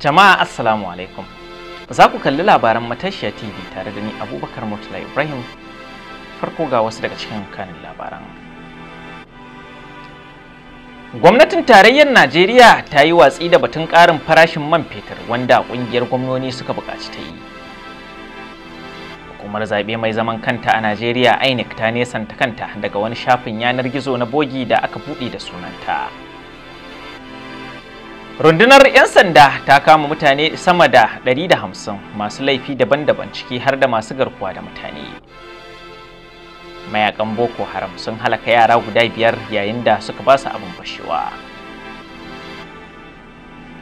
Jama'a Assalamu alaikum. Za ku kalli labaran Matashiya TV tare da ni Abubakar Murtala Ibrahim. Farko ga wasu daga cikin kanin labaran. Gwamnatin tarayyar Najeriya ta yi watsi da batun ƙarin farashin man fetur wanda ƙungiyar gwamnoni suka buƙaci ta yi. Hukumar zaɓe mai zaman kanta a Najeriya INEC ta nesanta kanta daga wani shafin yanar gizo na bogi da aka buɗe da sunanta. rundunar 'yan sanda ta kama mutane sama da 150 masu laifi daban-daban ciki har da masu garkuwa da mutane mayakan boko haram sun halaka yara guda biyar yayin da suka ba su abin fashewa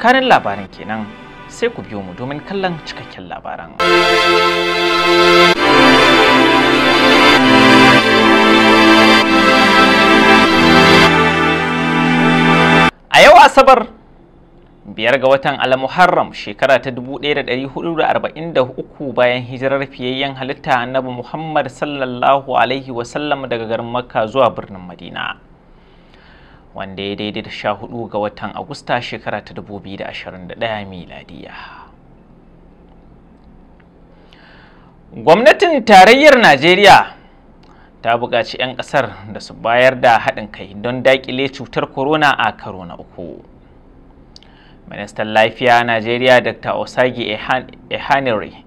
kanin labarin kenan sai ku biyo mu domin kallon cikakken labaran a yau asabar biyar ga watan al-muharram shekara ta 1443 bayan hijirar fiyayyen halitta annabi muhammad sallallahu alaihi wasallam daga garin makka zuwa birnin madina wanda ya daidai da hudu ga watan agusta shekara ta 2021 miladiya gwamnatin tarayyar najeriya ta buƙaci 'yan ƙasar da su bayar da haɗin kai don daƙile cutar corona a karo na uku ministan lafiya najeriya dr osagi ehanire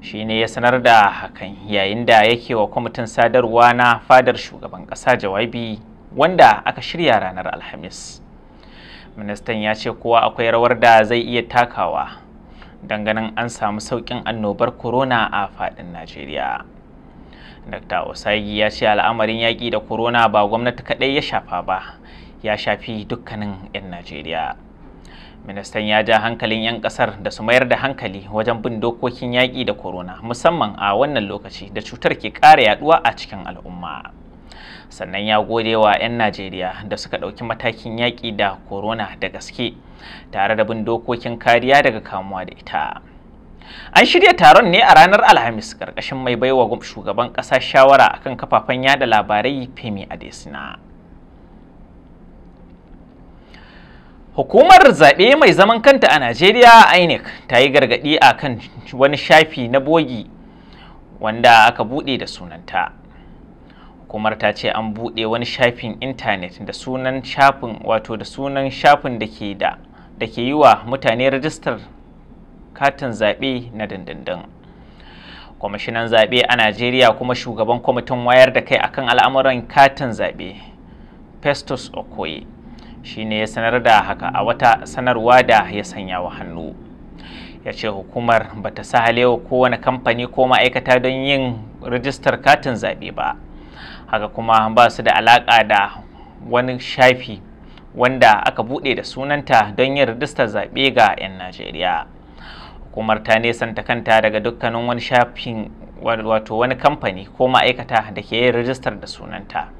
shi ne ya sanar da hakan yayin da yake wa kwamitin sadarwa na fadar shugaban ƙasa jawabi wanda aka shirya ranar alhamis ministan ya ce kowa akwai rawar da zai iya takawa ganin an samu sauƙin annobar corona a faɗin najeriya dr osagi ya ce al'amarin yaƙi da corona ba gwamnati kaɗai ya shafa ba ya shafi dukkanin 'yan najeriya ministan ya ja hankalin 'yan kasar da su mayar da hankali wajen bin dokokin yaƙi da corona musamman a wannan lokaci da cutar ke ƙara yaduwa a cikin al'umma sannan ya gode wa 'yan najeriya da suka ɗauki matakin yaƙi da corona da gaske tare da bin dokokin kariya daga kamuwa da ita an shirya taron ne a ranar alhamis ƙarƙashin mai baiwa shugaban ƙasa shawara akan kafafen yada labarai femi adesina Hukumar zaɓe mai zaman kanta a Najeriya INEC ta yi gargaɗi a kan wani shafi na bogi wanda aka buɗe da sunanta. Hukumar ta ce an buɗe wani shafin intanet da sunan shafin wato da sunan shafin da ke yi wa mutane rajistar katin zaɓe na dandandan Kwamishinan zaɓe a Najeriya kuma shugaban kwamitin wayar da kai akan al'amuran katin zaɓe Festus Okoye shine ya sanar da haka a wata sanarwa da ya sanya wa hannu ya ce hukumar ba ta sahalewa kowane kamfani ko ma'aikata don yin rijistar katin zaɓe ba haka kuma ba su da alaƙa da wani shafi wanda aka buɗe da sunanta don yin rijistar zaɓe ga 'yan najeriya hukumar ta nesanta kanta daga dukkanin wani shafin wato wani kamfani ko ma'aikata da ke yin rijistar da sunanta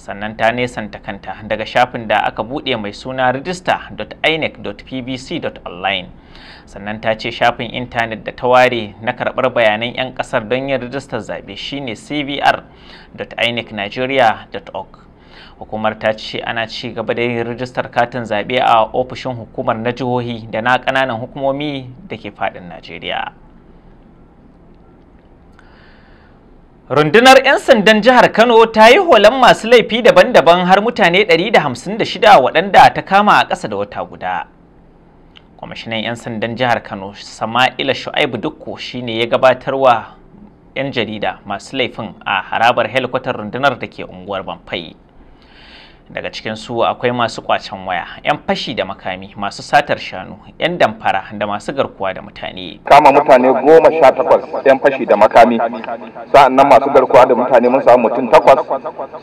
sannan ta nesanta kanta daga shafin da aka buɗe mai suna register.inec.pbc.online sannan ta ce shafin intanet da ta ware na karɓar bayanan 'yan ƙasar don yin rijistar zaɓe shine cvr.inecnigeria.org hukumar ta ce ana ci gaba da yin rijistar katin zaɓe a ofishin hukumar na jihohi da na ƙananan hukumomi da ke faɗin najeriya Rundunar 'yan sandan jihar Kano ta yi holan masu laifi daban-daban har mutane 156 waɗanda ta kama a ƙasa da wata guda. Kwamishinan 'yan sandan jihar Kano Sama'ila Shu'aibu Dukko shi ne ya gabatar wa 'yan jarida masu laifin a harabar helikwatar rundunar da ke unguwar Banfai. daga cikin su akwai masu kwacen waya yan fashi da makami masu satar shanu yan damfara da masu garkuwa da mutane kama mutane goma sha takwas yan fashi da makami sa'annan masu garkuwa da mutane mun samu mutum takwas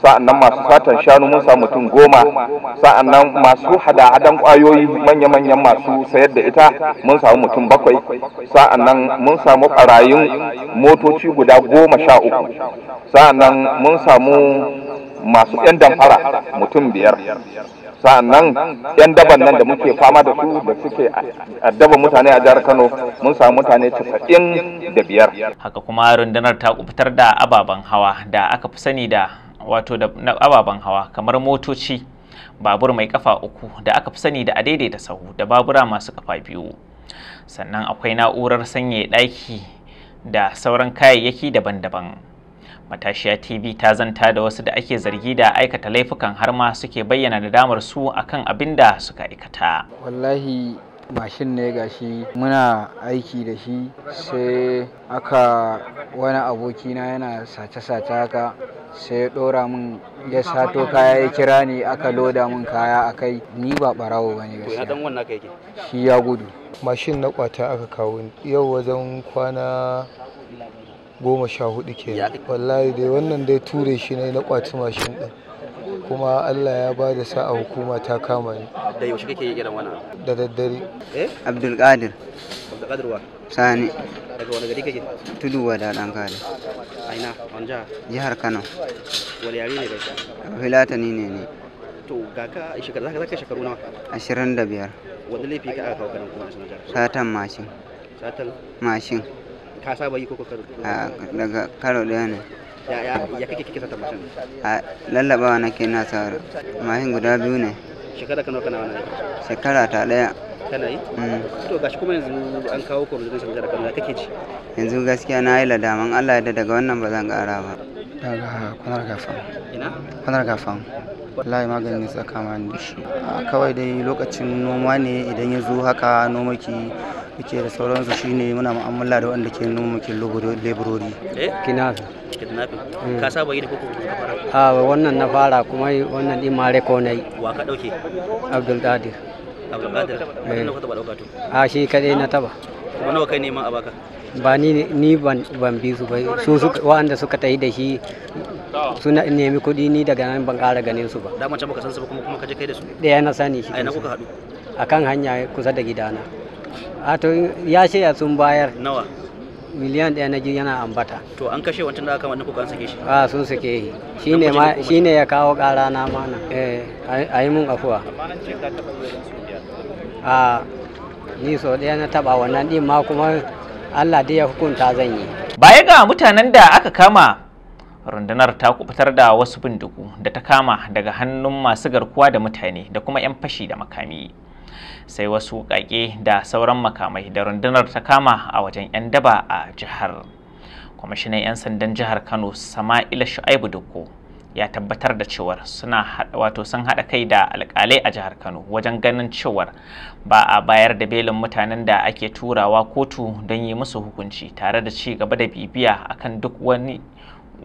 sa'annan masu satar shanu mun samu mutum goma sa'annan masu hada-hadan kwayoyi manya-manyan masu sayar da ita mun samu mutum bakwai sa'annan mun samu ɓarayin motoci guda goma sha uku sa'annan mun samu masu 'yan damfara mutum biyar sa'annan 'yan daban nan da muke fama da su da suke addaba mutane a jihar kano mun samu mutane casa'in da biyar haka kuma rundunar ta fitar da ababen hawa da aka fi sani da wato da ababen hawa kamar motoci babur mai kafa uku da aka fi sani da adaidaita sahu da babura masu kafa biyu sannan akwai na'urar sanyaya ɗaki da sauran kayayyaki daban-daban matashiya tv ta zanta da wasu da ake zargi da aikata laifukan har ma suke bayyana da damar su akan abin da suka aikata wallahi mashin ne gashi muna aiki da shi sai aka wani abokina yana sace-sace haka sai ya ɗora min ya sato kaya ya kira ni aka loda min kaya a kai ni ba ɓarawo ba ne shi ya gudu mashin na kwata aka kawo yau wajen kwana goma sha hudu ke wallahi dai wannan dai ture shi ne na kwaci mashin din kuma Allah ya ba da sa'a hukuma ta kama ni da daddare eh Abdul Qadir sani daga wani gari tudu wa da dan kare jihar Kano wani yare ne ne ne ka 25 satan mashin ka saba yi koko karo a daga karo daya ne ya ya kake kike sata mashin a lallabawa ke na saura mahin guda biyu ne shekara kana kana wannan shekara ta daya kana yi mm. to gashi kuma yanzu an kawo ko yanzu shekara kana kake ci yanzu gaskiya na yi ladaman Allah ya daga wannan ba zan kara ba daga kwanar gafan ina kwanar gafan wallahi maganin sa kama ni shi kawai dai lokacin noma ne idan ya zo haka nomaki yake da sauransu shine muna mu'amala da wanda ke nomakin leburori kinafi eh? kidnapping mm. ka saba yi da koko ka fara a ah, wannan na fara kuma wannan din ma reko nayi wa ka dauke abdul qadir abdul qadir eh. wannan ka taba dauka to a ah, shi kadai na taba kuma nawa kai neman a baka ba ni ban bi su ba su Waɗanda suka tayi da shi suna in nemi kuɗi ni daga nan ban ƙara ganin su ba da mace baka san su ba kuma kuma kaje kai da su ɗaya na sani shi ai na kuka haɗu akan hanya kusa da gidana a to ya shirya sun bayar nawa miliyan ɗaya na ji yana ambata to an kashe wancan da aka wannan kuka an sake shi a sun sake shi shine ma shine ya kawo ƙara na mana eh ayi mun afuwa a ni so ɗaya na taba wannan din ma kuma Allah dai ya hukunta zan yi baya ga mutanen da aka kama rundunar ta kubutar da wasu bindigu da ta kama daga hannun masu garkuwa da mutane da kuma 'yan fashi da makami sai wasu kake da sauran makamai da rundunar ta kama a wajen 'yan daba a jihar kwamishinan 'yan sandan jihar kano sama'ila shu'aibu dukko ya tabbatar da cewar suna wato sun haɗa kai da alƙalai a jihar kano wajen ganin cewar ba a bayar da belin mutanen da ake turawa kotu don yi musu hukunci tare da ci gaba da bibiya akan duk wani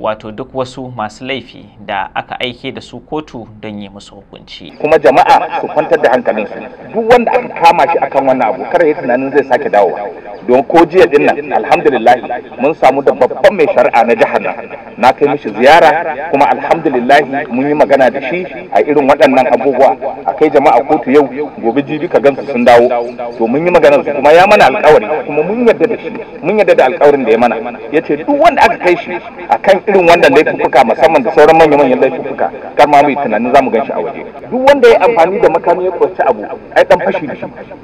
wato duk wasu masu laifi da aka aike da su kotu don yi musu hukunci. Kuma jama'a su kwantar da hankalinsu duk wanda aka kama shi akan wannan abu kar ya tunanin zai sake dawowa. don ko jiya din nan alhamdulillah mun samu da babban mai shari'a na jihar nan na kai mishi ziyara kuma alhamdulillah mun yi magana da shi a irin waɗannan abubuwa a kai jama'a kotu yau gobe jibi ka gansu sun dawo to mun yi magana su kuma ya mana alkawari kuma mun yarda da shi mun yarda da alkawarin da ya mana ya ce duk wanda aka kai shi a kan irin wannan laifuka musamman da sauran manya-manyan laifuka kar ma mu yi tunanin za mu gan shi a waje duk wanda ya amfani da makami ya kwace abu ai dan fashi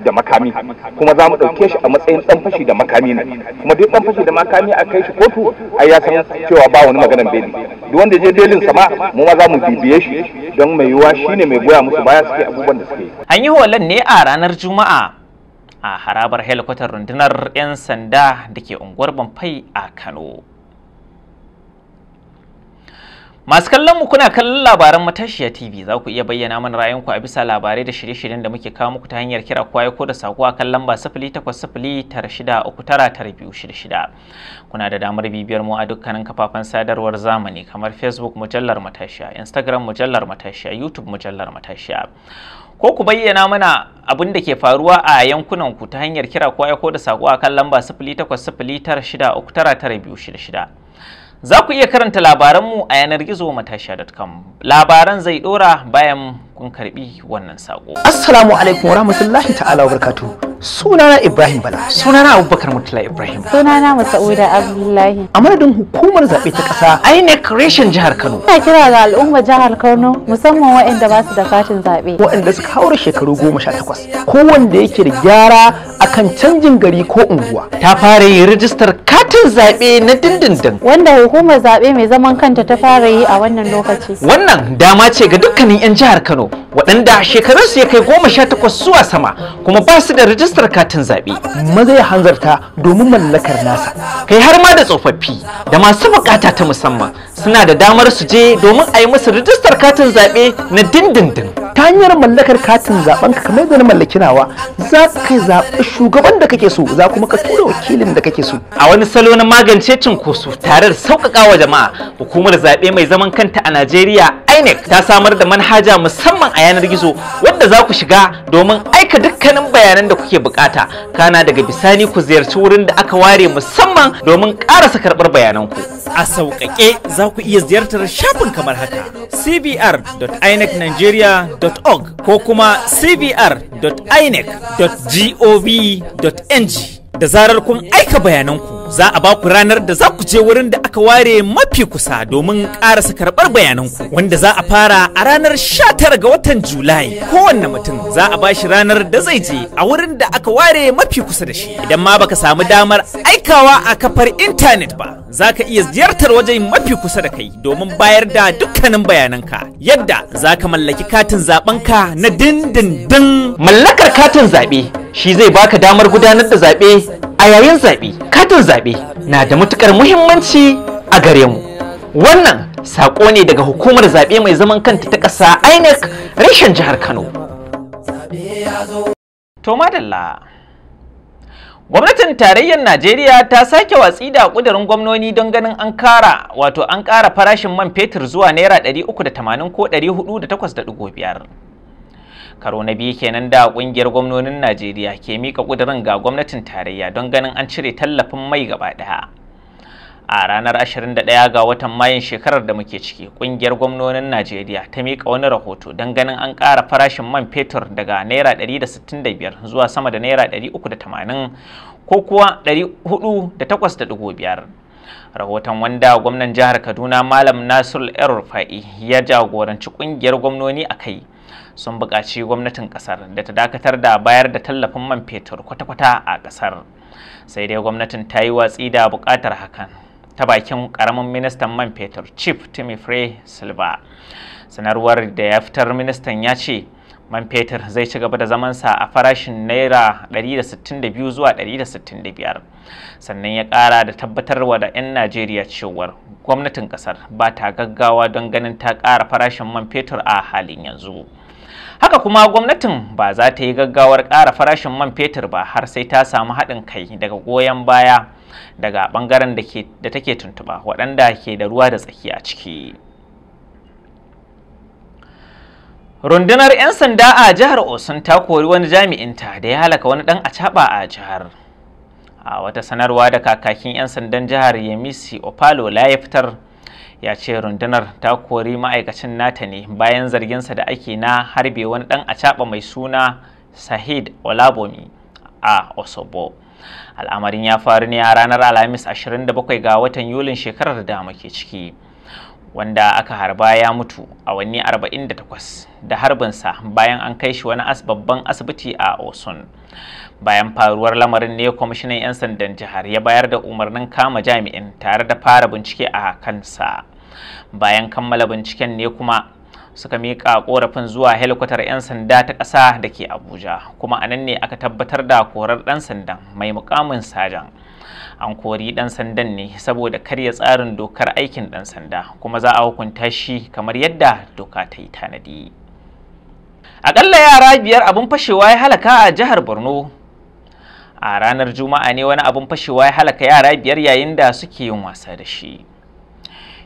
da makami kuma za mu ɗauke shi a matsayin dan fashi fushi da makami ne kuma duk dan fashi da makami a kai shi kotu ai ya san cewa ba wani maganar beli duk wanda je belin sama mu ma za mu bibiye shi don mai yiwuwa shine mai goya musu baya suke abubuwan da suke an yi holand ne a ranar juma'a a harabar helikwatar rundunar 'yan sanda da ke unguwar Banfai a Kano. Masu kallon mu kuna kallon labaran matashiya TV za ku iya bayyana mana ra'ayinku a bisa labarai da shirye-shiryen da muke kawo muku ta hanyar kira kwaye ko da sako a kan lamba 0809639266. Kuna da damar bibiyar mu a dukkanin kafafen sadarwar zamani kamar Facebook mujallar matashiya, Instagram mujallar matashiya, YouTube mujallar matashiya. ko ku bayyana mana abin da ke faruwa a yankunan ku ta hanyar kira ko aiko da sako kan lamba 0809639266 Za ku iya karanta labaranmu a yanar gizo matashiya.com. Labaran zai dora bayan kun karbi wannan sako. Assalamu alaikum wa rahmatullahi ta'ala wa Sunana Ibrahim Bala. Sunana Abubakar Mutula Ibrahim. Sunana Masauda Abdullahi. A madadin hukumar zaɓe ta ƙasa INEC reshen jihar Kano. Ina kira ga al'umma jihar Kano musamman waɗanda ba su da katin zaɓe. Waɗanda suka haura shekaru goma sha takwas. Ko wanda yake da gyara akan canjin gari ko unguwa. Ta fara yin rijistar yin zaɓe na dindindin. Wanda hukumar zaɓe mai zaman kanta ta fara yi a wannan lokaci. Wannan dama ce ga dukkanin 'yan jihar Kano waɗanda shekarunsu ya kai goma sha takwas zuwa sama kuma ba su da rajistar katin zaɓe. Maza ya hanzarta domin mallakar nasa. Kai har ma da tsofaffi da masu bukata ta musamman suna da damar su je domin a yi musu rijistar katin zaɓe na dindindin ta hanyar mallakar katin zaɓen ka kamar da na mallaki nawa za ka zaɓi shugaban da kake so za kuma ka tura wakilin da kake so a wani salo na magance cinkoso tare da sauƙaƙa wa jama'a hukumar zaɓe mai zaman kanta a najeriya INEC ta samar da manhaja musamman a yanar gizo wadda za ku shiga domin aika dukkanin bayanan da kuke bukata kana daga bisani ku ziyarci wurin da aka ware musamman domin karasa karɓar ku A sauƙaƙe za ku iya ziyartar shafin kamar haka cbr.inecnigeria.org ko kuma cbr.inec.gov.ng da zarar kun aika bayananku. za a baku ranar da za ku je wurin da aka ware mafi kusa domin karasa karɓar bayananku wanda za a fara a ranar 19 ga watan julai kowanne mutum za a bashi ranar da zai je a wurin da aka ware mafi kusa da shi idan ma baka samu damar aikawa a kafar intanet ba za ka iya ziyartar waje mafi kusa da kai domin bayar da dukkanin bayananka yadda za ka mallaki katin zaɓenka na dindindin. Mallakar katin zaɓe shi zai baka damar gudanar da zaɓe a yayin zaɓe. Katin zaɓe na da matuƙar muhimmanci a gare mu. Wannan saƙo ne daga hukumar zaɓe mai zaman kanta ta ƙasa INEC reshen jihar Kano. To madalla. Gwamnatin tarayyar Najeriya ta sake watsi da kudirin gwamnoni don ganin an kara wato an kara farashin man fetur zuwa naira 380 ko 408.5. Karo na biyu kenan da kungiyar gwamnonin Najeriya ke mika kudirin ga gwamnatin tarayya don ganin an cire tallafin mai gaba daya. a ranar 21 ga watan Mayan shekarar da muke ciki kungiyar gwamnonin najeriya ta miƙa wani rahoto don ganin an ƙara farashin man fetur daga naira 165 zuwa sama da naira 380 ko kuwa 408.5 rahoton wanda gwamnan jihar kaduna malam Nasiru el-rufa'i ya jagoranci kungiyar gwamnoni a kai sun buƙaci gwamnatin ƙasar da ta dakatar da bayar da tallafin man fetur kwata-kwata a ƙasar sai dai gwamnatin ta yi watsi da buƙatar hakan ta bakin karamin ministan man fetur chief timifre silva sanarwar da ya fitar ministan ya ce man fetur zai ci gaba da zamansa a farashin naira 162 zuwa 165 sannan ya kara da tabbatarwa da 'yan najeriya cewar gwamnatin kasar ba ta gaggawa don ganin ta kara farashin man fetur a halin yanzu. haka kuma gwamnatin ba za ta yi gaggawar ƙara farashin man fetur ba har sai ta samu haɗin kai daga goyon baya daga ɓangaren da take tuntuɓa waɗanda ke da ruwa da tsaki a ciki rundunar 'yan sanda a jihar osun ta kori wani jami'inta da ya halaka wani ɗan acaɓa a jihar a wata sanarwa da kakakin 'yan sandan jihar yemisi opalo la ya fitar ya ce rundunar ta kori ma'aikacin nata ne bayan zarginsa da ake na harbe wani ɗan acaɓa mai suna sahid olabomi a osobo al'amarin ya faru ne a ranar alhamis 27 ga watan yulin shekarar da muke ciki wanda aka harba ya mutu a wani 48 da harbinsa bayan an kai shi wani babban asibiti a osun bayan faruwar lamarin ne kwamishinan 'yan sandan jihar ya bayar da umarnin kama jami'in tare da fara bincike a kansa bayan kammala binciken ne kuma suka miƙa korafin zuwa helikwatar 'yan sanda ta ƙasa da ke abuja kuma a nan ne aka tabbatar da korar ɗan sandan mai mukamin sajan an kori ɗan sandan ne saboda karya tsarin dokar aikin ɗan sanda kuma za a hukunta shi kamar yadda doka ta yi tanadi aƙalla yara biyar abin fashewa ya halaka a jihar borno a ranar juma'a ne wani abin fashewa ya halaka yara biyar yayin da suke yin wasa da shi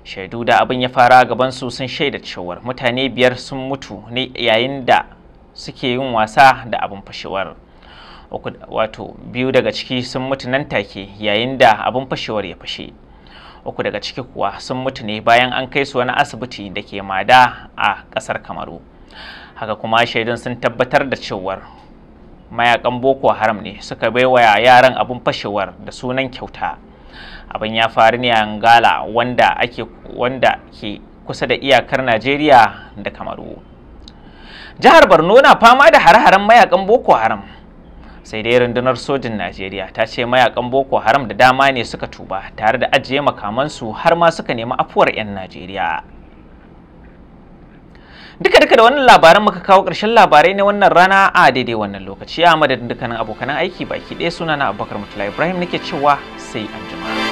shaidu da abin ya fara gaban su sun shaida cewar mutane biyar sun mutu ne yayin da suke yin wasa da abin fashewar wato biyu daga ciki sun mutu nan take yayin da abin fashewar ya fashe uku daga ciki kuwa sun mutu ne bayan an kai su wani asibiti da ke mada a ƙasar kamaru haka kuma shaidun sun tabbatar da cewar mayakan boko haram ne suka baiwa yaran abin fashewar da sunan kyauta abin ya faru ne a ngala wanda ake wanda ke kusa da iyakar najeriya da kamaru jihar borno na fama da hare-haren mayakan boko haram sai dai rundunar sojin najeriya ta ce mayakan boko haram da dama ne suka tuba tare da ajiye makamansu har ma suka nemi afuwar 'yan najeriya duka duka da wannan labaran muka kawo ƙarshen labarai ne wannan rana a daidai wannan lokaci a madadin dukkanin abokanan aiki baki ɗaya suna na abubakar mutula ibrahim nake cewa sai anjima.